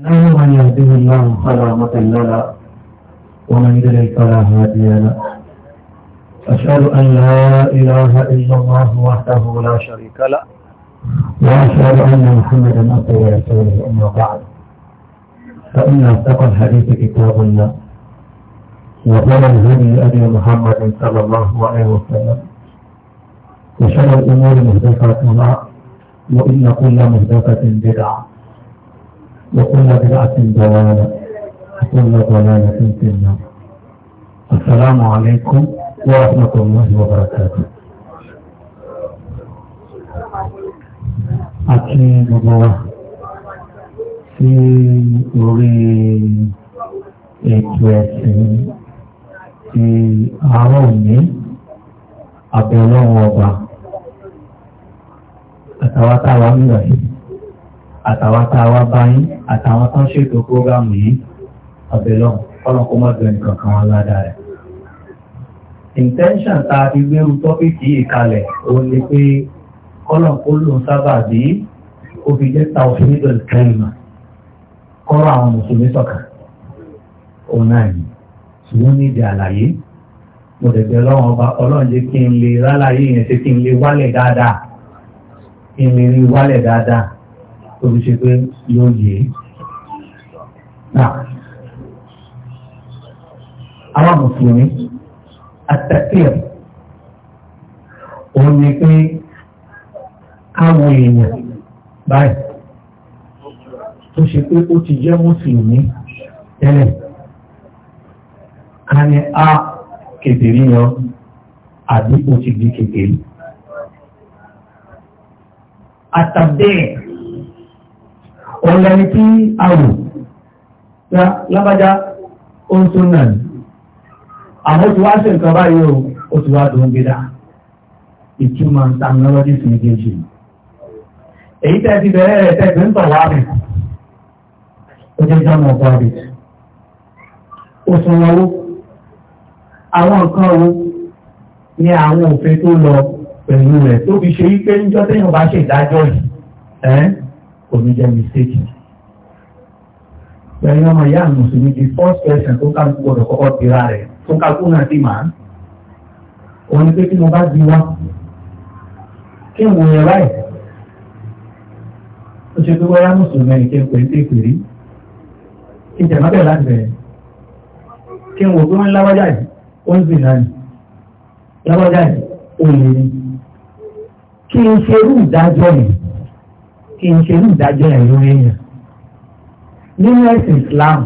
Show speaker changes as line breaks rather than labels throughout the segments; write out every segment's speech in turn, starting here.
إنه من يهده الله فلا مضل له ومن يضلل فلا هادي له أشهد أن لا إله إلا الله وحده لا شريك له وأشهد أن محمدا عبده ورسوله أما بعد فإن أصدق الحديث كتاب الله وقال الهدي أبي محمد صلى الله عليه وسلم وشر الأمور مهدفاتنا وإن كل مهدفة بدعة وكل بدعة ضلالة وكل ضلالة في النار السلام عليكم ورحمة الله وبركاته àti gbogbo wa sí orí ètò ẹ̀sìn ti àárọ̀ òní àbẹ̀wọ̀n ọba àtàwátàwá ń lọ yìí àtàwọn tá a wá báyìí àtàwọn tó ń ṣètò prógámù yìí ọ̀bẹ̀lọ́ ọlọ́n kó má bẹ̀rẹ̀ nǹkan wọn ládàá rẹ̀. intention tá a fi gbérú tọ́pìkì yìí kalẹ̀ òun ni pé kọ́lọ̀n kó lòun sábà bí ó fi jẹ́ tawhidul kalima kọ́rọ̀ àwọn mùsùlùmí sọ̀kà òun náà yìí ṣùgbọ́n ní ìdí àlàyé mo dẹ̀gbẹ́ lọ́wọ́ ọba ọlọ́run jẹ́ kí n lè rálàyé yẹn ṣe kí n lè wálẹ̀ dáadáa kí n lè rí wálẹ̀ dáadáa tó fi ṣe pé yóò yé àwọn mùsùlùmí àtẹ̀tẹ̀ òun ni pé káwọn èèyàn báyìí tó ṣe pé ó ti jẹ́ mùsùlùmí tẹ́lẹ̀ ká ní a kèbèrè yan àbí ó ti di kèbèrè. àtàbẹ́ẹ̀ òun lẹni tí a wò lábájá ó ń tún náà àwọn tí wàá ṣe nǹkan báyìí o ó ti wá dùn gbéra ìtumọ̀ technology méjèèjì èyí tẹ́ ti bẹ̀rẹ̀ rẹ̀ tẹ́ fi ń tọ̀ wá rẹ̀ ó jẹ́ jọ́mọ̀ ọ̀pọ̀ rẹ̀ ó sún wọn ó àwọn nǹkan wo ni àwọn òfin tó lọ pẹ̀lú rẹ̀ tó fi ṣe wípé ń jọ́ téèyàn bá ṣe ìdájọ́ yìí oníjẹ́ mistake. Bẹ́ẹ̀ni ọmọ ìyá Mùsùlùmí di first question tó kálukú gbọdọ̀ kọ́kọ́ tira rẹ̀ tó kálukú náà ti máa. Òun ni pé kí mo bá di wá kí n wòye ráì. Ó ṣe pé wáyá Mùsùlùmí ẹni kí n pè é sí ìpèrí. Kí n tẹ̀mọ́ bẹ̀rẹ̀ láti bẹ̀rẹ̀. Kí n wò pé wọ́n ń láwájá yìí, ó ń sìn náà ni. Láwájá yìí, ó lè ní. Kí n ṣerú ìdájọ́ yìí kí n ṣe ìdájọ́ ẹ̀ èèyàn. nínú ẹ̀sìn Islam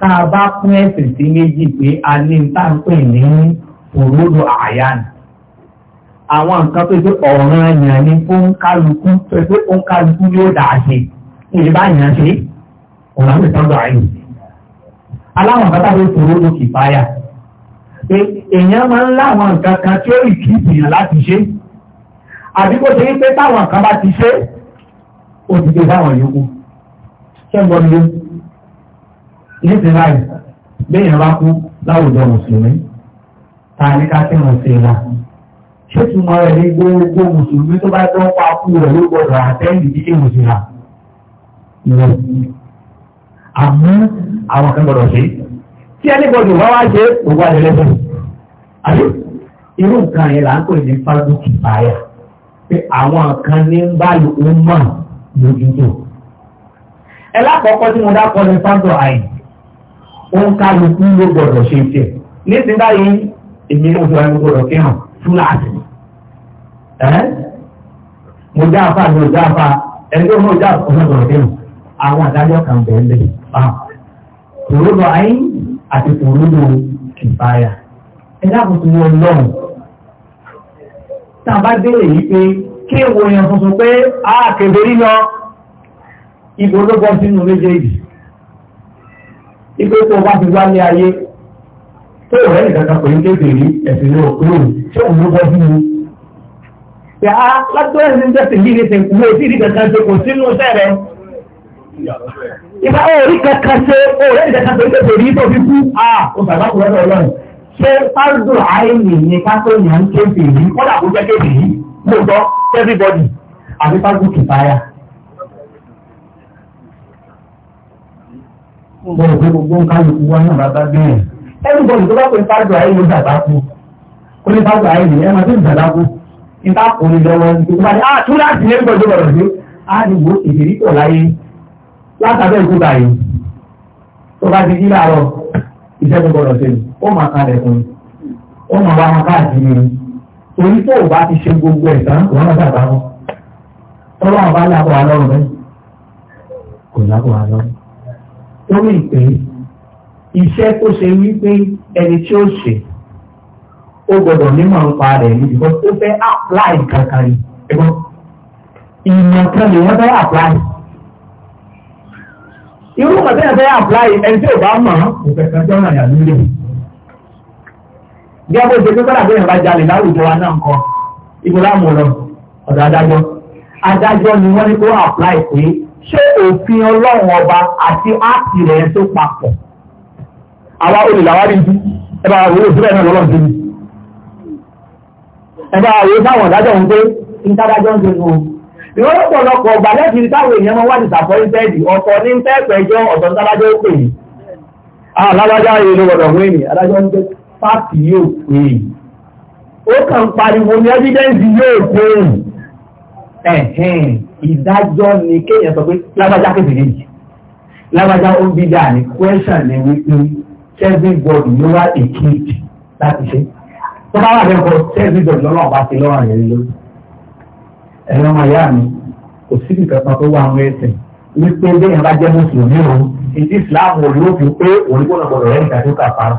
tá a bá pín ẹ̀sìn sí méjì pé a ní n tá n pè ní òróró àyàn àwọn nǹkan tó ṣe ọ̀ràn èèyàn ní fóńkálukú tó ṣe fóńkálukú yóò dà ṣe ìdìbò àyàn ṣe ọ̀ràn mi sọ́dọ̀ àyè. aláwọn bàtà ló fòrò ló kì fáyà pé èèyàn máa ń láwọn nǹkan kan tí ó ì kí ìyàn láti ṣe àbí kó ṣe wípé táwọn kan bá ti ṣe é ó ti gbé fáwọn yòókù kẹ́gbọ́n ni ní ti láì béèyàn bá kú láwùjọ mùsùlùmí ta ní ká tí wọn ṣe la ṣé túmọ̀ rẹ̀ ní gbogbo mùsùlùmí tó bá tó ń pa kú rẹ̀ ló gbọdọ̀ àtẹ́yìn títí mùsùlùmí ìwọ àmọ́ àwọn kan gbọdọ̀ ṣe tí ẹni gbọdọ̀ wá wá ṣe gbogbo àdìrẹ́sẹ̀ àti irú nǹkan yẹn là ń pè ní fáwọn kìfàyà pé àwọn kan ní ń bá lòun mọ̀ lójútó. ẹ lákọ̀ọ́kọ́ tí mo dákọ̀ ní fáńtọ̀ àyè òun kálukú ló gbọdọ̀ ṣe tiẹ̀ nísìnyí báyìí èmi ò sọ ẹni gbọdọ̀ kí hàn fúláàtì mo já afa mi ò já afa ẹni tó mọ̀ já ọ̀sán gbọdọ̀ kí hàn àwọn adájọ́ kan bẹ̀ẹ́ lẹ̀ báwọn kòrónà ayé àti kòrónà ìbáyà ẹ dákun tó wọ lọ́rùn tá a bá délé yìí pé kí ìwòyàn tuntun pé ààkèdè nínú ìbò ológun sínú méjèèjì ipò tó bá ti wá ní ayé tó rẹ̀ nìkankan pẹ̀lú kékeré ẹ̀sìn ní òkúrò tí òun ló bọ́ sínú. yàrá látọ̀ ẹ̀sìn tẹ̀sí yìí ní sèkú ló sì rí kankan ṣe kò sínú sẹ́rẹ̀. ìfà òórí kankan ṣe òórí kankan pẹ̀lú kékeré tó fi kú a kò sàgbà kúrẹ́ lọ́rùn ṣé fáwọn àìní ni ká tó yàn kékeré kọ́dà kó jẹ́ kékeré lóòótọ́ everybody àbí fáwọn kìfáyà. mo rò pé gbogbo nǹkan yòókù wá náà bàbá bẹ́ẹ̀. everybody tó bá pè fájọ ayé ló dàgbà kú kó ní fájọ ayé lè ẹ máa tó dàgbà kú nípa kò ní lọ́wọ́ ní kókó báyìí ah tún láti lè gbọ́dọ̀ bọ̀rọ̀ sí á ní wo ìdèrí pọ̀ láyé látàbẹ̀ ikú báyìí tó bá ti jí láàárọ̀ ìṣẹ́gun bọ̀rọ̀ sí ó máa kalẹ̀ fún un ó máa wá wọn káàkiri torí tó o bá ti ṣe gbogbo ẹ̀ tán wọn náà dàgbà wọn tọ́lá ọba lábọ̀ alọ́run rẹ kò lábọ̀ alọ́run torí ìpè iṣẹ́ tó ṣe wípé ẹni tí ó ṣe ó gbọdọ̀ nímọ̀ nípa rẹ̀ níbi kan ó fẹ́ apply kankan yìí ìmọ̀ kan ni wọ́n fẹ́ apply irú mọ̀tẹ́yà fẹ́ apply ẹni tí ò bá mọ̀ ọ́ kò fẹ́ kan jọ́nà yà nílé bí a bó ṣe pé kọ́lá bẹ́ẹ̀ yẹn bá jalè láwùjọ wa náà nǹkan ibo láàmú lọ ọ̀dọ̀ adájọ́ adájọ́ ni wọ́n ní kó apply pé ṣé òfin ọlọ́run ọba àti áàtì rẹ̀ tó papọ̀ àwa olè làwárí bí ẹ bá wọlé òṣèlú ẹ̀ náà lọ́lọ́ ẹ bá wọlé sáwọn ọ̀dájọ́ ń pé ìtadájọ́ ń ṣe fún un ìwé lọ́pọ̀lọpọ̀ ọgbà lẹ́sìn táwọn èèyàn máa wá ní sàfọ́ńtẹ́ẹ̀dì ọ̀tọ̀ ní ń tẹ́ẹ̀pẹ̀jọ́ ọ̀tọ̀ ń tábájọ́ pè é alábájá ah, yìí ló gbọdọ̀ wọ́n ènìyàn adájọ́ ń tẹ́ẹ̀pẹ̀ fáàtì yóò pè é ó kàn pariwo ní ẹ́fídẹ́ǹsì yóò pè é ìdájọ́ ni kéèyàn sọ pé lágbájá kékeré yìí lágbájá ó ń bí dáa ní kwẹ́sàn ní wípé everybody ló wá èkéèdì láti ṣe tó bá wà lẹ́kọ̀ọ́ everybody lọ́wọ́ bá ti lọ́wọ́ rẹ̀ lórí ẹ̀rọ ọmọ ìyá mi kò sí nǹkan kan tó wà àwọn ẹsẹ̀ wípé bẹ́ẹ̀ bá jẹ́ mùsùlùmí o ìdí ìsìláàmù olóògùn pé òun gbọ́dọ̀ gbọ́dọ̀ rẹ̀ nígbà tó kà fara.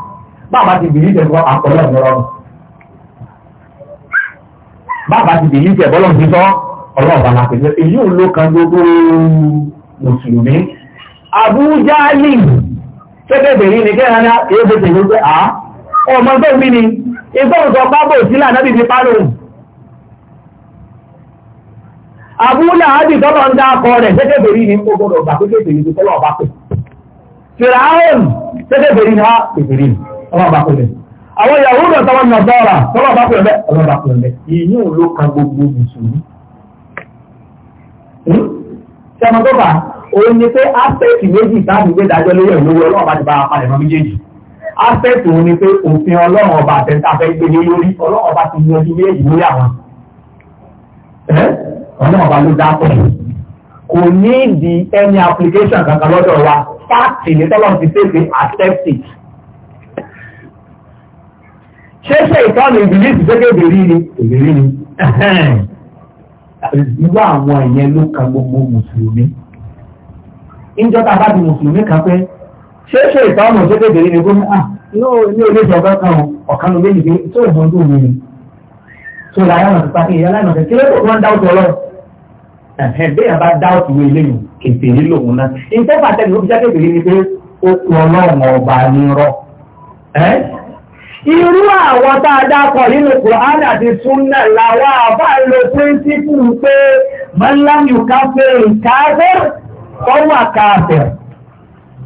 bàbá ti bìlí tẹ̀ fún àkọlọ́ ọ̀rọ̀ bàbá ti bìlí tẹ̀ bọ́lọ̀ ti sọ ọlọ́ọ̀bà la pèsè èyí ò ló kan gbogbo mùsùlùmí àbújá lì ṣẹ́kẹ̀dẹ̀ yìí ni kẹ́hìn náà èyí bẹ̀rẹ̀ tẹ̀lé pé à ọmọ tó mi ni ìgbọ́n sọ pábò sílà náà bìbí pálọ̀ àbúlà àbí tọ́lọ̀ ń dá akọ rẹ̀ ṣẹ́kẹ̀dẹ̀ yìí ni ó gbọ́dọ̀ gbà pé kéde yìí tọ́lọ̀ pè fìràhùn ṣẹ́kẹ̀dẹ̀ yìí ni wá pèsè yìí ọlọ́run bá kó lẹ̀. àwọn ìyàwó náà táwọn náà dọ́ra ọlọ́run bá kó lẹ̀ ọlọ́run bá kó lẹ̀. ìyí ò ló kan gbogbo mùsùlùmí. Hmm? ṣé ọmọ tó fà òun ni pé aspect méjì táàbù gbé dájọ́ lórí ìlówó ọlọ́run bá ti bá apalẹ̀ mọ́ méjèèjì. aspect òun ni pé òfin ọlọ́run ọba àtẹ̀ntàfẹ́ gbélé lórí ọlọ́run ọba ti yanjú méjì lórí àwọn. ọlọ́run ọba ló dá pọ̀ kò ní ìdí ẹni application kankan lọ́dọ̀ wa fáàtì ní tọ́lọ́run ti pèsè accept ṣéṣe ìtọ́nù ìbílísì tó kéde rí ni èmi rí ni irú àwọn ìyẹn ló kan gbogbo mùsùlùmí ìjọba bá di mùsùlùmí kan pé ṣéṣe ìtọ́nù tó kéde ni gómìnà inú ilé ilé ìjọba kan ọ̀kan méjì pé tó ìbọn dùn mí ni tó láyé ọ̀nà pípa kí ìyálà ìmọ̀ kékeré tó wọ́n dáwọ́ tọ́lọ́ bẹ́ẹ̀ bá irú àwọn tá a dákọ̀ nínú Kùránì àti Súnnà làwà àbá lo píńsípù pé mọ́láyù káfẹ́ ìkáfẹ́ ọwà káfẹ́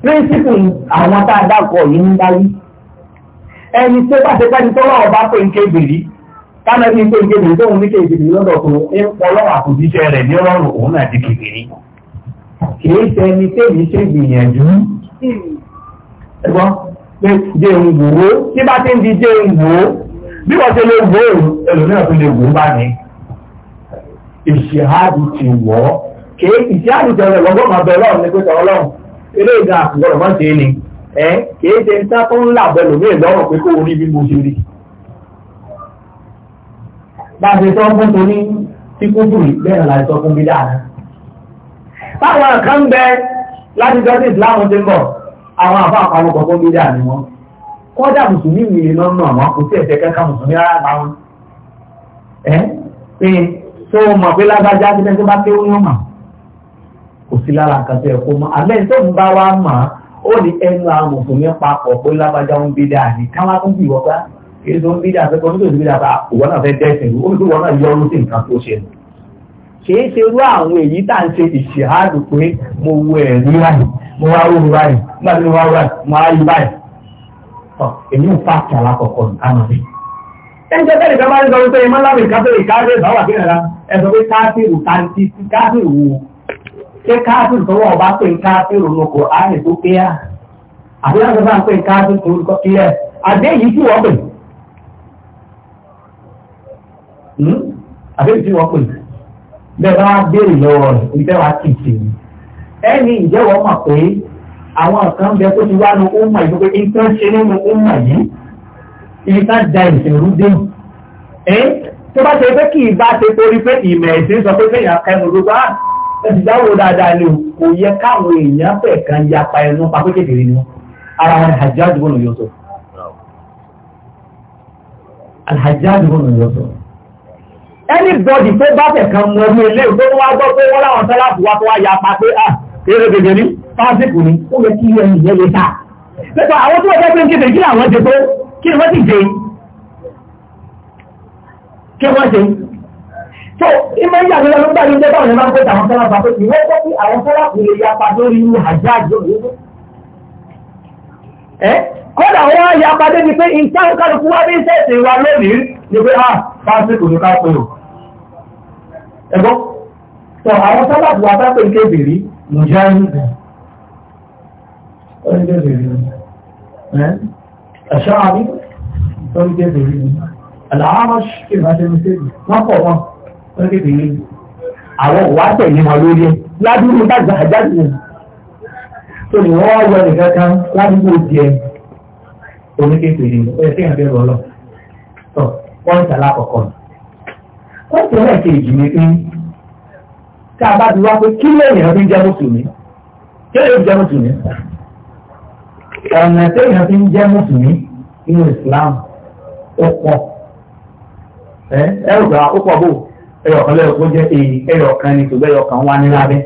píńsípù àwọn tá a dákọ̀ yìí ń dárí ẹni tó bá ṣe pẹ́ni tó lọ́wọ́ bá pé nkébìrí kánà ní pé nkébìrí tó ń ní kébìrí lọ́dọ̀ tó ń pọlọ́ àkùjíṣẹ́ rẹ̀ ní ọlọ́run òun náà di kébìrí kìí ṣe ẹni tẹ́mi ṣe gbìyànjú ẹgbọ́n jẹun wòó tí bá ti ń di jẹun wòó bí wọ́n ṣe lè wòó ẹlòmíràn tó lè wòó bá ní. ìṣèhádì ti wọ̀ ọ́ kì í ìṣèhádì ti ọ̀rọ̀ lọ́gbọ́n máa bẹ ọlọ́run ní pẹ́tọ́ ọlọ́run eré ìgbà àkùgbọ́dọ̀ máa ṣe é ni ẹ kì í ṣe ń sá tó ń là bẹ lòmíràn lọ́rùn pé kó o rí bí mo ṣe rí. bá a ṣe sọ fún torí tí kò dùn bẹ́ẹ̀ la sọ fún bí dáadáa. báwọn kan bẹ láti jọ àwọn àbá àpamọ́ gbọ́gbọ́ mídà ni wọ́n kọ́dà mùsùlùmí mi lè lọ́nà àwọn kò sí ẹ̀sẹ̀ kẹ́kẹ́ mùsùlùmí rárá bá wọn. ẹ pé tó o mọ̀ pé lágbájá ti tẹ́tí bá kéwọ́n yóò mà kò sí lára àkàtọ́ ẹ̀kọ́ mọ́ àbẹ́ tó ń bá wa mọ̀ ó ní ẹnu àwọn mùsùlùmí papọ̀ pé lágbájá ń bídà ni káwá tó ń bì wọ́n bá èyí tó ń bídà fẹ́ kọ́ nítorí bídà bá òwò náà fẹ́ dẹ́sìn ó ní wọ́n náà yọ ọdún sí nǹkan tó ṣe kì í ṣe irú àwọn èyí tá à ń ṣe ìṣèhádùn pé mo wo ẹ̀rí láyìí mo wá rú báyìí nígbà tí mo wá rú báyìí mo wá rí báyìí. ọ èmi ń pààkì alákọ̀ọ́kọ́ nǹkan náà rí. ẹ jẹ́ bẹ́ẹ̀ nìkan máa ń sọ wípé ẹ máa lábẹ́ ìkábẹ́rẹ́ ìkábẹ́rẹ́ bá wà kí nìyẹn ẹ sọ pé káfíìrù káńtì káfíìrù wò ṣé káfíìrù tó wọ́n bá pè ń káfíìrù lóko ààrẹ tó pé à àbí láti bá ń pè ń káfíìrù tó lóko àdé yìí tí wọ́n pè hmm? àdé yìí tí wọ́n pè bẹ́ẹ̀ bá béèrè lọ́wọ́ rẹ̀ orí wá kì í ṣe yìí ẹni ìjẹ́wọ́ mọ̀ pé àwọn kan bẹ tó ti wá nu ọmọ yìí pé nǹkan ṣe nínú ọmọ yìí ibi ká da ìṣèlú dé ẹ tó bá ṣe pé kì í bá ṣe torí pé ìmọ̀ ẹ̀sìn sọ pé kéèyàn kẹnu ló bá ẹ̀sìn dáwọ́ dáadáa ni kò yẹ káwọn èèyàn fẹ̀ kan yapa ẹnu pa pé kékeré ni wọn ara wọn ni Hajjaj ibn Yusuf Al-Hajjaj ibn Yusuf anybody tó bá fẹ̀ kan mú ẹgbẹ́ ilé tó wá gbọ́ pé wọ́n láwọn sẹ́láàfù wá tó wá ya pa pé ah eré gègé ní fásitì ní ó yẹ kí ẹni ìyẹn lè ta. lẹ́tọ̀ àwọn tó wọ́n fẹ́ pé ń kéde kí làwọn ṣe pé kí ni wọ́n ti jẹ kí wọ́n ṣe. tó ìmọ̀ ń yàgbé lọ́dún gbàgbé jẹ́ báwọn ẹ̀ máa ń pèsè àwọn sẹ́láàfù àpèsè ìwọ́n tó kí àwọn sẹ́láàfù lè ya pa lórí àjáàjì kódà wọn yà padé ni pé ìtàn kálukú wa bí sẹ́ẹ̀sì wa lónìí ni pé ah lásìkò ní kápẹ́ o. ẹ̀gbọ́n tó àwọn sábàbù atápẹ́ kébìrì nìjà ń bẹ̀. ọ̀rẹ́ kébìrì ẹ̀ ẹ̀ṣọ́ àbí ọ̀rẹ́ kébìrì àlàámọ̀ṣ kí ìbá ṣe ń ṣe wọ́n pọ̀ wọn ọ̀rẹ́ kébìrì àwọn òwà tẹ̀lé wọn lórí ẹ̀ ládùúgbò bá gbà jáde nù. tó ní wọ́n wá wọ nìkan kan ládùúgbò jẹ oníkébìrì ẹ̀ sí àbẹ̀rẹ̀ ọlọ́ pọ́ǹtì alákọ̀ọ́kọ́ ni. pọ́ǹtì ẹlẹ́ẹ̀kejì ni pé a bá ti wá pé kí lèèyàn fi ń jẹ́ mùsùlùmí kí lèèyàn fi jẹ́ mùsùlùmí ọ̀nà fi ń jẹ́ mùsùlùmí inú Islam ó pọ̀ ẹ ẹ rò ó pọ̀ bò jẹ́ èyí ni tó kan wá ní lábẹ́.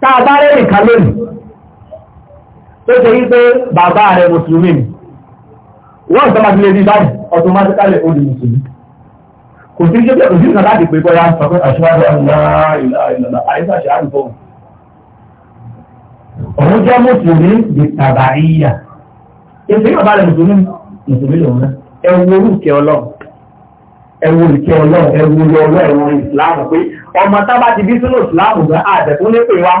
tá wọ́n sọ ma ti lè rí báyìí automatically ó di mùsùlùmí kò sí ṣẹ́bí ọ̀dọ̀ sísè láti pé bọ́yá sọ pé àṣewájú àlá ìlà ìlànà àìsàn ṣe àrùn fóun. òun jẹ́ mùsùlùmí di tàbáríyà èsì yóò bá rẹ̀ mùsùlùmí mùsùlùmí lòun náà ẹ wo olùkẹ́ ọlọ́run ẹ wo olùkẹ́ ọlọ́run ẹ wo olú ọlọ́run ẹ wo ìsìláàmù pé ọmọ tábà ti bí sínú ìsìláàmù gan àtẹ̀kún ní pè wá.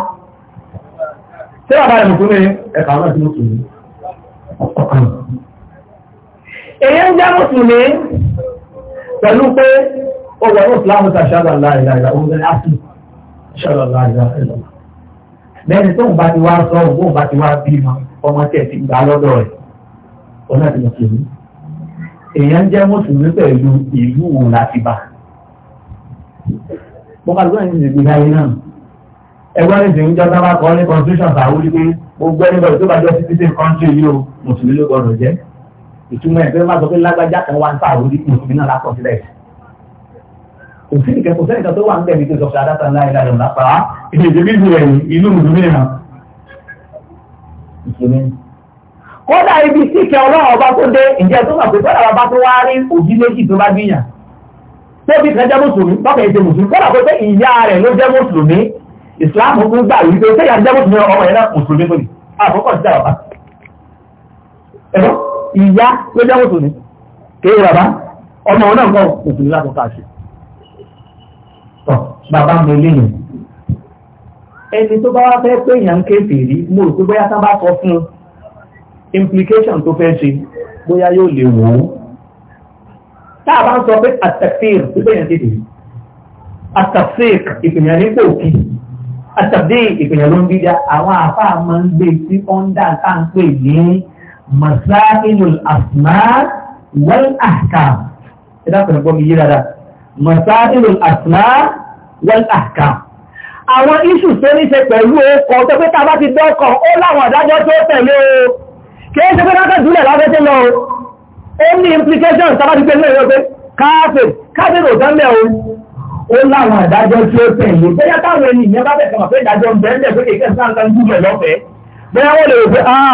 ṣé bàbá rẹ̀ mùsùlùmí ẹ̀ka ọlọ́run ti mùsùlùmí ọ̀kan jẹ́ mùsùlùmí pẹ̀lú pé ó wọ̀ ní ìsìlámù ta ṣáàlà láìláìlá òun ní àti ṣáàlà láìláìlá. Bẹ́ẹ̀ni tó ń bá ti wá sọ òun bó ń bá ti wá bímọ ọmọ tẹ̀ ti gbà lọ́dọ̀ rẹ̀ òun náà ti mùsùlùmí. Èèyàn jẹ́ mùsùlùmí pẹ̀lú ìlú òun láti bá. Mo kà lóyún ní ìgbìgbà yìí náà. Ẹgbẹ́ ní ìsìn ìjọba bá kọ́ ní constitution sàwúrí pé gbogbo ẹni bọ̀dọ̀ tó bá jọ ìtumọ̀ ẹ̀ fẹ́ẹ́ má sọ pé lágbájá kan wá ń ta àwọn oníkùn òfin náà lápọ̀ sílẹ̀ òfin ìkẹ́ kò sẹ́nìkan tó wà ń bẹ̀ ní tó sọ pé adáta ńlá ìlànà lápá èdè ìdè méjì rẹ̀ inú mùsùlùmí náà ìṣẹ̀lẹ̀ kódà ibi tí ìkẹ́ ọlọ́run ọba tó dé ìjẹ́ tó mọ̀ pé kódà bàbá tó wá rí òbí méjì tó bá gbìyàn tóbi kan jẹ́ mùsùlùmí tọ́kẹ̀ ètè mùsùlùmí kódà ìyá ló jẹ́ mùsùlùmí kéè bàbá ọmọ òun náà kọ́ mùsùlùmí láti ká ṣe. tọ́ bàbá mi léyìn ẹni tó bá wá fẹ́ pé èèyàn ń rí mo rò pé bóyá sábà sọ fún implication tó fẹ́ ṣe bóyá yóò lè wò ó. tá a bá ń sọ pé àtàkìr tó bẹ̀yàn tètè àtàkìr ìpìyàn ní pòkì àtàkìr ìpìyàn ló ń bí dá àwọn àfáà máa ń gbé sí ọ́ńdà tá à ń pè ní masailul asma wal ahkam ẹ dákun ẹ̀gbọ́n mi yí dáadáa masailul asma wal ahkam àwọn iṣu tó ní ṣe pẹ̀lú ọkọ̀ tó pé tàbá ti dọ́kọ̀ ó láwọn àdájọ́ tó tẹ̀lé o kìí ṣe pé lákẹ́ jùlẹ̀ lábẹ́tẹ́ lọ ó ní implication tàbá ti pé lórí ọgbẹ́ káàfẹ́ káàfẹ́ ò dánlẹ̀ o ó láwọn àdájọ́ tó tẹ̀lé bẹ́yà táwọn ènìyàn bá bẹ̀ kàmà pé ìdájọ́ ń bẹ́ẹ̀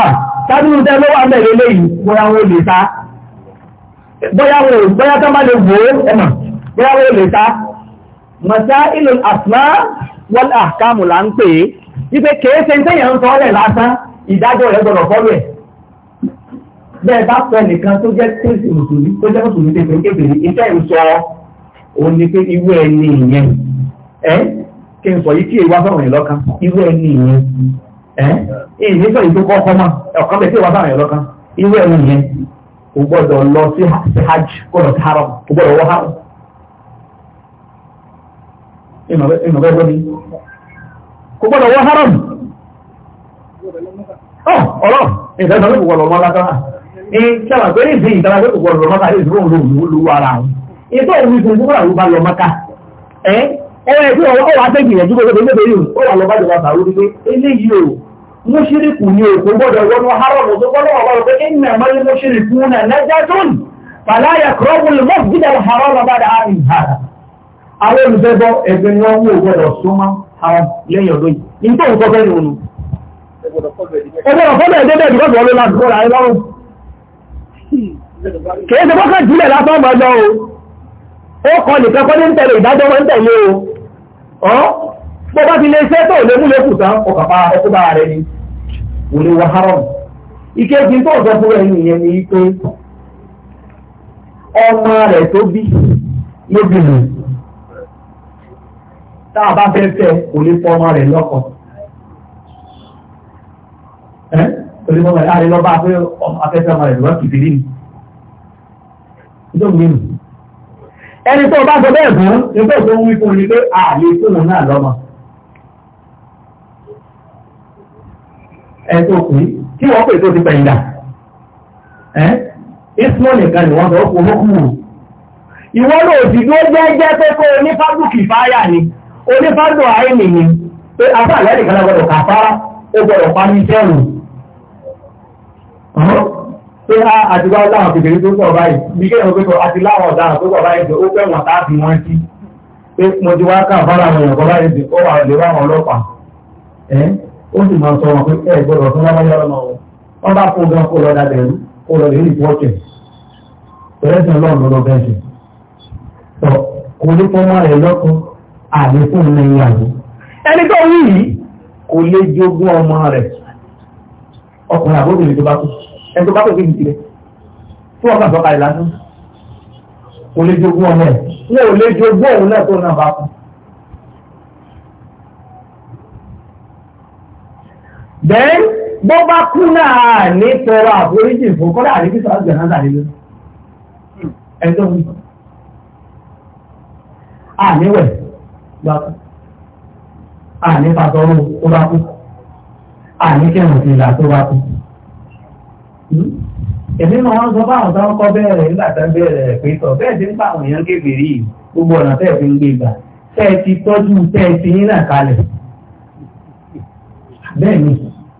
tábìlì tẹ́ ló wà mẹ́rin léyìí bóyá wọn ò lè ta bóyá wọn ò bóyá tó bá lè wò ó ẹ̀mà bóyá wọn ò lè ta masailul asma wal ahkam là ń pè é wípé kèése ń tẹ̀yàn ń sọ ọ́lẹ̀ lásán ìdájọ́ rẹ̀ gbọ́dọ̀ fọ́lù ẹ̀ bẹ́ẹ̀ bá pẹ́ nìkan tó jẹ́ kéèsì mùsùlùmí tó jẹ́ mùsùlùmí tẹ̀sán kébèrè iṣẹ́ ìsọ òun ni pé irú ẹni ìyẹn ẹ kí n sọ yìí kí èyí wá fẹ́ràn ẹ̀ nígbà yìí tó kọ́ ọkọ máa ọ̀kan bẹ̀ tí ìwà bá àyàn lọ́kàn irú ẹ̀ wọ̀nyẹn kò gbọ́dọ̀ lọ sí hajj kò lọ sí haram kò gbọ́dọ̀ wọ haram. ìmọ̀ bẹ́ẹ̀ gbọ́dọ̀ kò gbọ́dọ̀ wọ haram. ọ̀rọ̀ ìdájọ́ ló kò gbọ́dọ̀ lọ́mọ́ lákàrà ìṣàlà pé ní ìsìn ìdájọ́ ló kò gbọ́dọ̀ lọ́mọ́ lákàrà ìṣòro òun ló wà ara wọn. ìtọ́ òun ìsìn ìdúgbò àwọn bá lọ mọ́ká ẹ̀ ẹ̀ ẹ̀ ẹ̀ ẹ̀ ẹ̀ ẹ̀ ẹ̀ ẹ̀ ẹ̀ ẹ̀ ẹ̀ mọ́ṣíríkù ní òkú gbọ́dọ̀ wọnú haramu tó gbọ́dọ̀ wọ́n wọ́n pé iná mọ́rí mọ́ṣíríkù náà najatun fàláyà kọ́bùn mọ́sídà haramu bá dáa ní hàrá. àwọn olùbẹ́bọ ẹgbẹ́ ni wọ́n wú ògbọ́dọ̀ súnmọ́ haram lẹ́yìn ọdún yìí nígbà òun kọ́kọ́ ní òun. ọgbọ́dọ̀ fọ́bẹ̀ ẹ̀dẹ́gbẹ̀ bíkọ́sì wọn ló la dúró láyé lọ́rùn bó bá ti lè ṣe tó lè mú lẹ́kùn tán ọkà pa ọkọ̀ bá rẹ ni kò lè wà haram ìkejì tó sọ fún ẹni yẹn ni pé ọmọ rẹ̀ tó bí lóbìnrin tá a bá fẹ́ fẹ́ kò lè fọ ọmọ rẹ̀ lọ́kọ kò lè fọ ọmọ rẹ̀ láàrin lọ́ba afẹ́fẹ́ ọmọ rẹ̀ lọ́wọ́ kìbìlì ni ìjọba ẹni tó bá sọ bẹ́ẹ̀ fún ẹgbẹ́ òṣèlú wípé òní pé àlè fóun náà lọ́mọ. ẹni tó pè é kí wọ́n pè tó ti pẹ̀yìn dà ẹ́ ismọ́ nìkan ni wọ́n sọ fún olókùnrin ìwọ náà ti dúró jẹ́jẹ́ pé kó onífádùn kìfáyà ni onífádùn àìní ni pé afá àlẹ́rìí kan gbọdọ̀ kàfárá ó gbọdọ̀ parí iṣẹ́ rù pé a àti wá láwọn kékeré tó pọ̀ báyìí bí kí ẹ̀rọ pípọ̀ àti láwọn ọ̀daràn tó pọ̀ báyìí ó fẹ́ wọn táàbì wọn sí pé mo ti wá kàfárá àwọn èèyàn kan báyìí ó wà lè wá àwọn ọlọ́pàá ó sì máa sọ wọn pé ẹ gbọ́dọ̀ fún lábáyá ọ̀nà ọ̀hún wọ́n bá kó gan kó lọ dá bẹ̀rù kó lọ lè ìfọ́ọ̀kẹ̀ tẹ̀lẹ́sìn ọlọ́run lọ bẹ́ẹ̀ ṣe kò ní fọ́ máa rẹ̀ lọ́kùn àlékún ní ìyàwó ẹni tó wí yìí kò lè jogún ọmọ rẹ̀ ọkùnrin àbóbìnrin tó bá kú ẹni tó bá kú kéde tilẹ̀ tí wọ́n kàn sọ́kàlẹ̀ lásán kò lè jogún ọmọ rẹ̀ wọn ò lè jogún òun náà tó náà bá kú. then bó bá kú náà ní tọrọ àforíjì fún kọ́dà àríkí sọ̀rọ̀ jẹ̀ náà dàrílé ẹjọ́ ń sọ àníwẹ̀ bá kú ànípasọ̀rọ̀ tó bá kú àníkẹ́rùn ìlà tó bá kú èmi náà wọ́n sọ fáwọn tó ń kọ́ nígbà ń bẹ̀rẹ̀ pé bẹ́ẹ̀ ti ń pa àwọn èèyàn kébèrè yìí gbogbo ọ̀nà tẹ́ẹ̀ fi ń gbé gbà tẹ́ẹ̀ tọ́jú tẹ́ẹ̀ ti yín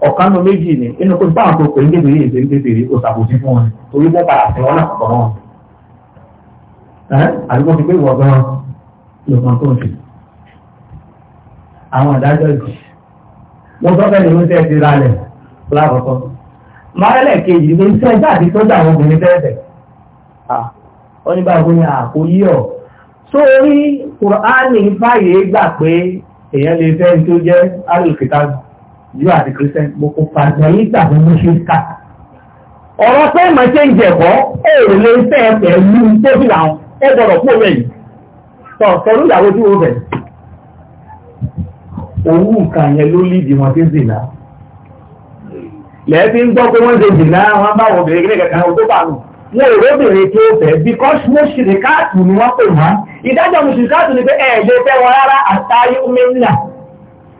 ọ̀kánú méjì ni inú kó bá àwọn òkè ńgbèbè yìí ṣe ńgbèbè yìí kò ṣàkóso fún wọn torí wọ́n padà sí wọn náà kọ̀ wọn. àdúgbò ti pé ìwọ gan lọ́kàn tó ń ṣe. àwọn àdájọ́ ìjì mo sọ fẹ́ ni mo tẹ́ ti ralẹ̀ lákọ̀ọ́kọ́. márẹ́lẹ̀ kejì ni iṣẹ́ jáde tó dà àwọn obìnrin tẹ́tẹ̀. ó ní báwo ni àpò yí ọ̀ sórí kùránì fàyè gbà pé èèyàn lè fẹ́ ní tó jẹ́ alùpùpù yóò àti christian mo kó pa lẹ́yìn ìgbà fún mo ṣe ń kà. ọ̀rọ̀ pé mà ṣe ń jẹ̀kọ́ èrè lè fẹ́ pẹ̀lú tó fi làwọn ó gbọ́dọ̀ kú òwe yìí. sọ sọrọ ìyàwó tí wọ́n bẹ̀. owó nǹkan yẹn ló lídì wọn tí ń sì là. lẹ́ẹ̀fí ń gbọ́ pé wọ́n ṣe jì náà wọ́n bá wọn bèrè kílẹ̀ kankan tó bà nù. wọn ò róbìnrin tí ó fẹ́ because mo ṣìrìkáàtù ni wọ́n pè wọ́n ìdájọ́ mo ṣìrìkáàtù ni pé ẹ̀ẹ́dẹ́fẹ́ wọn rárá àtàyé omi ńlá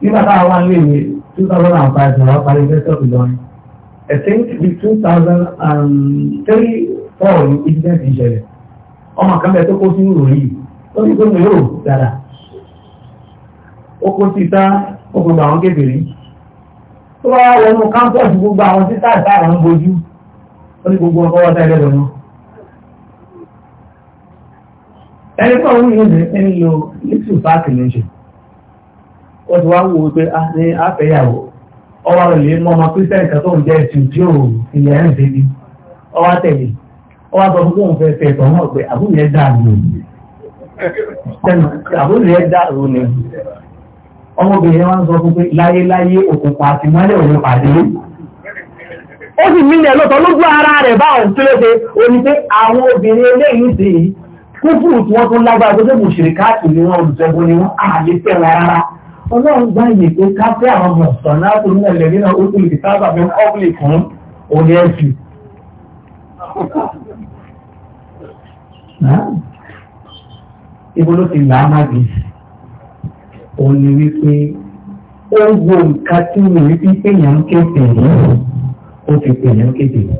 nígbà tá a wá ní ìwé two thousand and five náà parí ìgbésẹ̀ ìlọrin I think the two thousand and three four ní incident ìṣẹ̀lẹ̀ ọmọ kan bẹ tó kó sínú ìròyìn tó ní gbóngbó yóò dára ó kó sí ìta ó gbogbo àwọn kékeré tó bá wọnú campus gbogbo àwọn títà ń ó ní gbogbo ọkọ ó ti wá wò pé a ah, ní àfẹ́yàwó ọwọ́ rẹ̀ lè mọ́ ọmọ kírísítẹ́nì kan tó ń jẹ́ ẹ̀sìn tí ò ilẹ̀ ẹ̀rìn sí ni ọwọ́ tẹ̀lé ọwọ́ sọ fún kóun fẹ́ fẹ́ tọ̀ wọ́n pé àbúrò yẹn dà lù àbúrò yẹn ni ọmọbìnrin wa ń sọ fún pé láyéláyé òkùnkùn àti mọ́lẹ̀ òun pàdé ó sì nílẹ̀ lọ́tọ̀ lójú ara rẹ̀ báwọn tó léṣe oní pé àwọn obìnrin eléyìí sí kúfù tí wọ́n tún lágbára tó ṣe mùsùlùmí káàkiri wọn olùṣègùn ni wọ́n àlè fẹ́ràn rárá ọlọ́run gbá yìí pé ká fẹ́ àwọn ọmọ ọ̀sán láti ní ẹ̀lẹ́ nínú oṣù lè sábà fi ọ́bùlì fún òní ẹ̀sì. ibo ló ti là á má bì ó ní wípé ó wo nǹkan tí mo rí bí péyàn ń kéde yìí ó ti péyàn ń kéde yìí.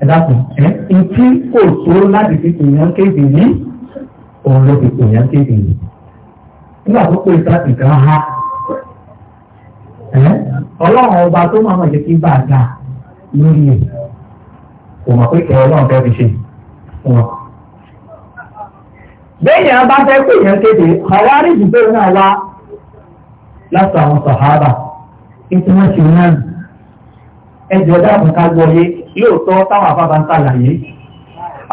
ẹ dákun ẹ ìtí kò tó láti fi péyàn ń kéde yìí òun ló fi péyàn ń kéde yìí nígbà tó pé ìta ìta ha ọlọ́run ọba tó máa máa jẹ́ kí bá a dà lórí ẹ̀ kò mọ̀ pé kẹ́ ọlọ́run fẹ́ fi ṣe wọn. bẹ́ẹ̀ni a bá fẹ́ pè yẹn kéde àwárí ìdìbò náà wá láti àwọn sàhábà ètò wọn ṣe náà ẹjọ́ dáàbò ká gbọ́ yé lóòótọ́ táwọn afábá ń sàlàyé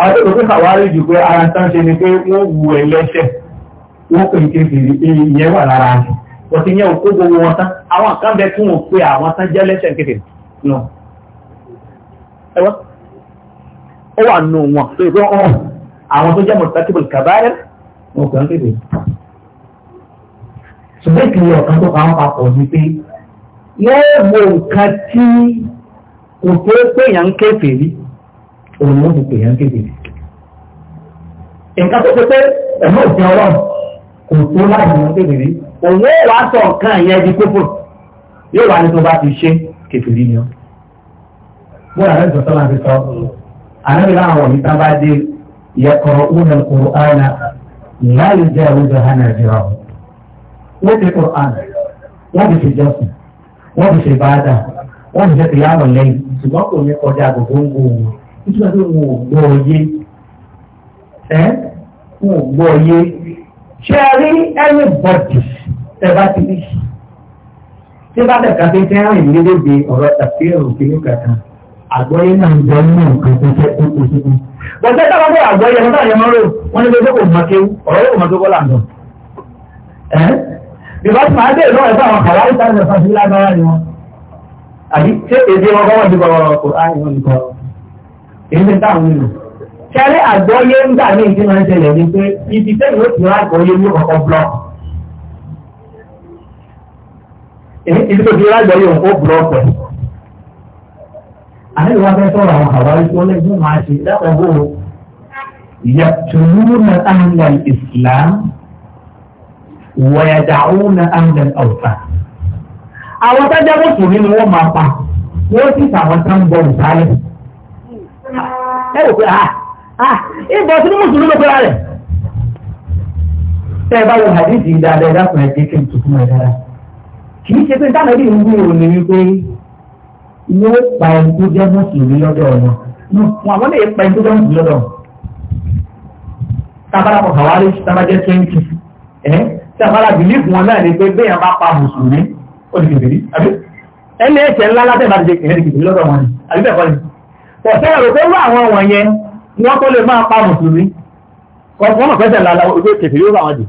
àwọn tó kọ́ pé àwárí ìdìbò ara ń tán ṣe ni pé wọ́n wu ẹlẹ́ṣẹ̀ wọ́n pè ní kékeré ìyẹn wà lára rẹ̀ wọ́n ti yẹ òkú gbogbo wọn tán àwọn kan bẹ tún wọn pé àwọn tán jẹ́ lẹ́sẹ̀ kékeré nù. ẹwọ́ ó wà nù wọn tó yẹ pé wọn àwọn tó jẹ́ mọ̀tàkìbọ̀lì kàbáyé wọn kàn kékeré. ṣùgbọ́n ìkìlẹ̀ ọ̀kan tó kàn án papọ̀ ni pé yóò mọ nǹkan tí kò tó pé yàn ń kékeré òun kò tó láì mú kébìrì òun ó wá sọ nǹkan yẹn di kókò yóò wá ní tó bá ti ṣe kébìrì yan. bó làwọn ìjọ sọ́la ti sọ ànábi láwọn òní tán bá dé yẹkọrọ òun kúrò ànà láyé jẹ́ àwùjọ hànà ìjọba wọ́n ti kúrò ànà wọ́n ti ṣe jọ́sìn wọ́n ti ṣe báadà wọ́n ti ṣe tìyàwó lẹ́yìn ṣùgbọ́n kò ní kọjá gbogbo ń gbòòrò nítorí wọn ò gbọ́ ọ yé ẹ wọn ò gbọ́ ọ yé ṣé ẹ rí ẹni bọ̀dì tẹ̀bá ti rí tí bá tẹ̀ka pé tẹ́ ẹ̀rìn lédèdè ọ̀rọ̀ tàbí ẹ̀rù kìíní kankan àgbọ́yé náà ń jọ nínú nǹkan tó fẹ́ kó kó síbi. bọ̀dé táwọn bẹ àgbọ́yé ẹ̀rọ táwọn yẹmọ́ rò wọ́n ní gbogbo kò mọ̀ké ọ̀rọ̀ yóò mọ̀ké bọ́lá ń dọ̀. ẹ́ bíbá tí màá dé lọ́wọ́ ẹ̀fọ́ àwọn kàwáyé táwọn ẹ̀fọ́ sí lágbára ni wọn. àbí ṣé èdè wọn kọ́ wọ́n ti kọ́ ọ̀rọ̀ kò kẹ́rẹ́ àgbọ́yé ń gbà ní ìdí máa ń ṣẹlẹ̀ ní pé ibi tẹ́lẹ̀ ó ti rán àgbọ́yé ní ọkọ̀ blọ́ọ̀kì. Ibi tó ti rán àgbọ́yé òun ó blọ́ọ̀kì. Àlejò wa fẹ́ sọ̀rọ̀ àwọn àwárí tó lẹ́gbẹ́ máa ṣe lákòókò يقتلون أهل الإسلام ويدعون أهل الأوثان. Àwọn tó jẹ́ mùsùlùmí ni wọ́n máa pa, wọ́n sì tàwọn tó ń bọ̀ wùsálẹ̀. Ah, ìbọn sí ní mùsùlùmí ló pẹ́ra rẹ̀. tẹ́ ẹ bá lọ hadithi dáadáa ẹ dákun ẹ jẹ́ kí n tuntun ẹ dára. kì í ṣe pé táwọn ẹbí ń gbúrò ní wípé yóò pa ẹni tó jẹ́ mùsùlùmí lọ́dọ̀ ọ̀nà wọn àwọn lè pa ẹni tó jẹ́ mùsùlùmí lọ́dọ̀ tabara kọ kàwárí tabajẹ twenty ẹ tabara bìlífù wọn náà ni pé bẹ́ẹ̀ bá pa mùsùlùmí ó di kìbìrì ẹni ẹ̀ṣẹ̀ ńlá látẹ̀ bá ti ṣe kìbìrì lọ́dọ̀ wọn ni àbí bẹ́ẹ̀ kọ́ ni. ọ̀sẹ̀ wọ́n tó lè máa pa mùsùlùmí wọ́n mọ̀ fẹ́sẹ̀ lára ojú kẹfì yóò àwọn jù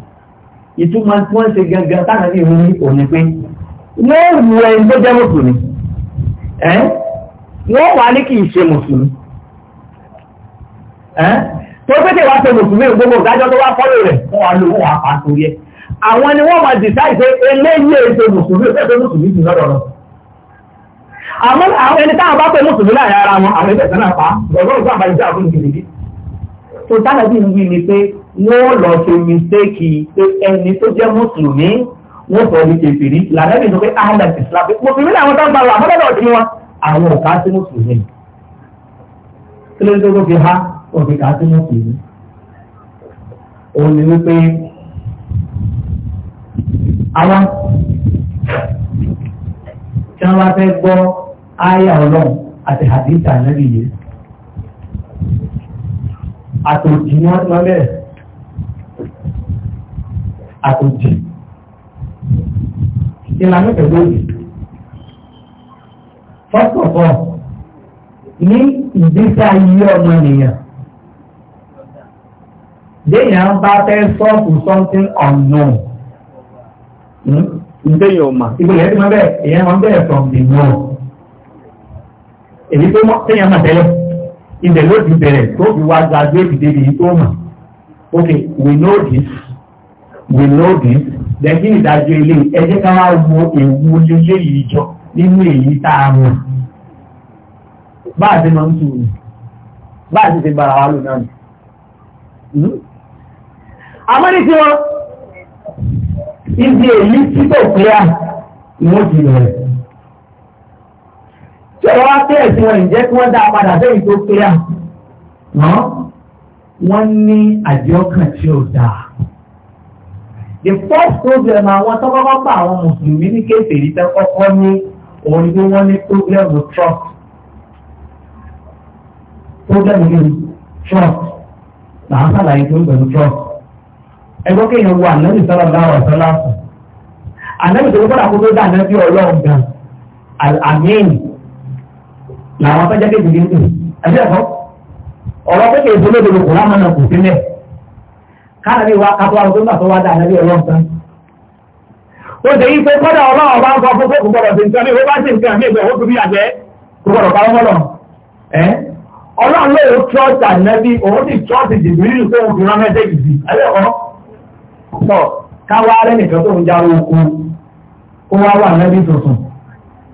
ìtumọ̀ tí wọ́n ṣe gangan táwọn ní ìwúrí òní pé wọ́n wù ẹ tó jẹ́ mùsùlùmí ẹ́ wọ́n wà ní kì í ṣe mùsùlùmí ẹ́ tó pété wá ṣe mùsùlùmí gbogbo ìdájọ́ tó wá fọ́lọ̀ rẹ̀ wọ́n wà lówó wà pa torí ẹ̀ àwọn ni wọ́n máa dìsáì pé eléyìí èso mùsùlùmí fẹ́ àmọ́ àwọn ẹni táwọn bá pẹ́ mùsùlùmí láàrin ara wọn àwọn ẹgbẹ́ sẹ́nà pa ọlọ́run tó àbájá àbúrò gidigidi tó dára bí wí ni pé wọ́n lọ ṣe mistéèkì pé ẹni tó jẹ́ mùsùlùmí wọ́n sọ ní kèfèrí lànà ìbí sọ pé ahmed islam mùsùlùmí làwọn tó ń gbàgbọ́ àmọ́dọ́dọ̀ sí wọn àwọn ò ká sí mùsùlùmí kí ló ń tó fi há òfin ká sí tí wọ́n bá fẹ́ gbọ́ áyà ọlọ́run àti hadith ànábì yìí àtòjì ni wọ́n ti máa bẹ̀rẹ̀ àtòjì ìlànà pẹ̀lú òyì fọ́tọ̀fọ́ ní ìgbésí ayé ọmọ nìyàn déèyàn bá fẹ́ sọ́ọ̀fù something unknown. Hmm? ìgbẹ́yìn ọ̀mà. ìgbẹ́yìn ẹ̀dùn bẹ́ẹ̀ èèyàn máa ń bẹ̀rẹ̀ from the wall. èyí tó mọ́ téèyàn máa tẹ́lẹ̀ ibẹ̀ ló ti bẹ̀rẹ̀ tó fi wá gba débi débi tó mà. ok we know this we know this then kí ni ìdájọ́ ilé ẹ jẹ́ ká wá wo èwu lélẹ́ yìí jọ nínú èyí tá a mọ̀. bá máa ń tù ú bá ti bára wa lò náà. Hmm? àmọ́ ní tiwọn. ibi èyí tí kò clear ni wọ́n ti bẹ̀rẹ̀. tí ọ wá pé ẹ̀sìn wọn ìjẹ́ kí wọ́n dá a padà sẹ́yìn tó clear náà wọ́n ní àjọkàn tí ó the first problem àwọn pa àwọn mùsùlùmí ní kéèké yìí tẹ́ kọ́kọ́ ní òun ni wọ́n ní problem trust. problem ẹgbọ́n kéèyàn wo ànábì sọ́lá bá wà sọ́lá fún ànábì tó àkókò dá ànábì ọlọ́run gan àmín làwọn afẹ́jẹ́ ẹbí ọ̀rọ̀ pé ló dòdò mọ́nà sílẹ̀ wa kápọ́ àwọn tó ń bà tó wá dá ànábì ọlọ́run gan. ó ṣe yí pé kọ́dà ọlọ́run bá ń sọ fún sí nǹkan mi bá nǹkan mi bí àjẹ́ kó pa ọmọ ọlọ́run pọ̀ káwá rẹ́nìkan tó ń já oko ó wá wà nábì tuntun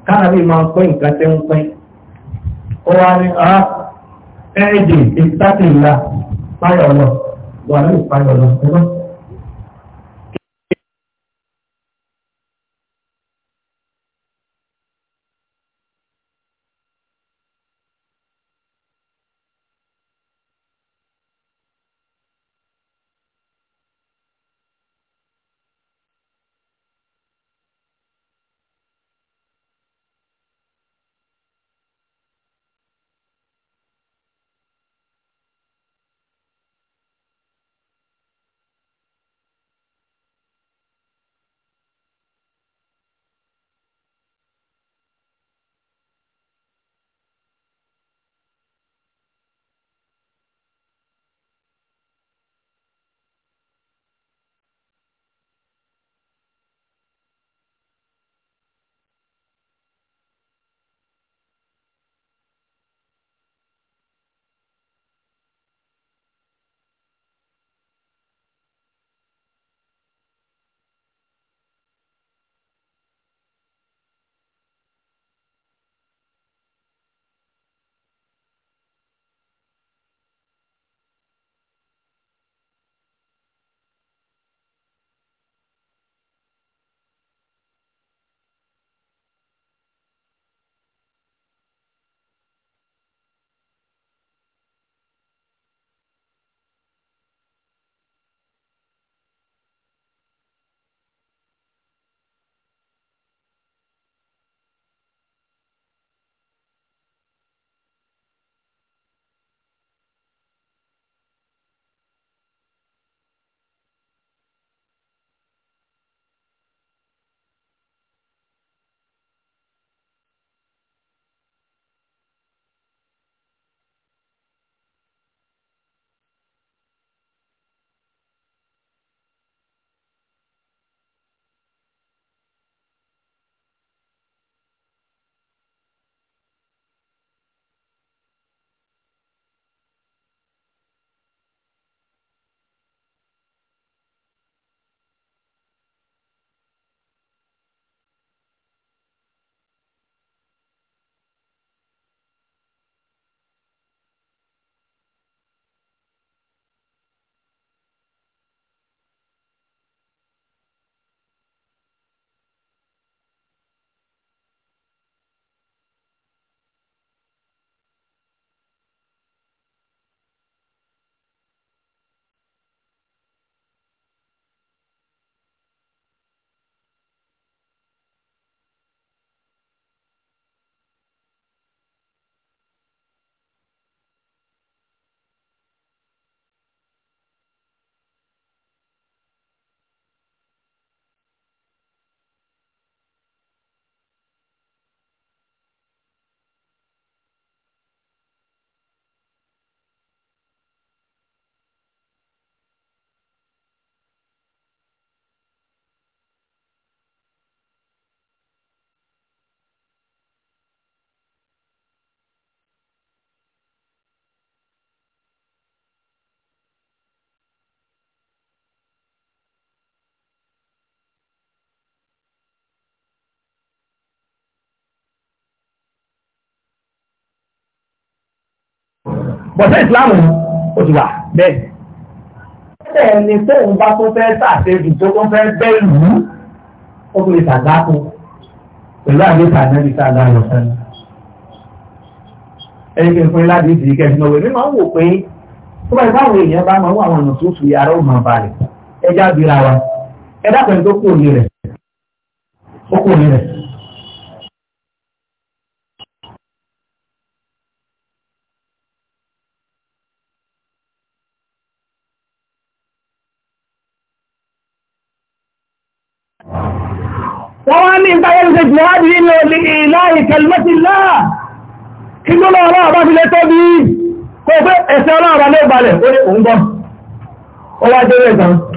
káàbí máa pín nǹkan tí ń pín ó wá ní á ah, ẹ̀ẹ́dì ìtàkìlá páyọ̀ lọ wà ní ìpáyọ̀ lọ ẹgbẹ́. bọ̀sẹ̀ ìsìláàmù ó ti wà bẹ́ẹ̀. bẹ́ẹ̀ ni tóun bá tó fẹ́ sàṣejù tó tó fẹ́ bẹ́ẹ̀ lù ú ó tó lè sàgbáko pẹ̀lú àgbékà náà ní sáà láàrọ̀ sẹ́nu. ẹni kí n fún yín láti ìdí kẹ́sì náà wẹ̀ mí máa ń wò pé tó bá ìbáwò èèyàn bá máa ń wọ àwọn ọ̀nà tó fi ara ó máa balẹ̀ ẹja bíra wa ẹ dákọ̀ tó kú òní rẹ̀ ó kú òní rẹ̀ الجهاد إلا لإله كلمة الله inú lọ́rọ̀ àbá fi lẹ́ tọ́ bí kó pé ẹ̀sẹ̀ ọlọ́rọ̀ lẹ́gbàlẹ̀ ó ní òun gbọ́ ó wá jẹ́ rẹ̀ gan-an